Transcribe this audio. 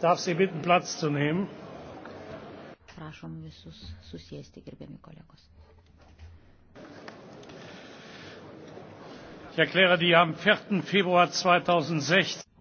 darf Sie bitten, Platz zu nehmen. Prašom visus susėsti, gerbiami kolegos. Ich erkläre die am 4. Februar 2016.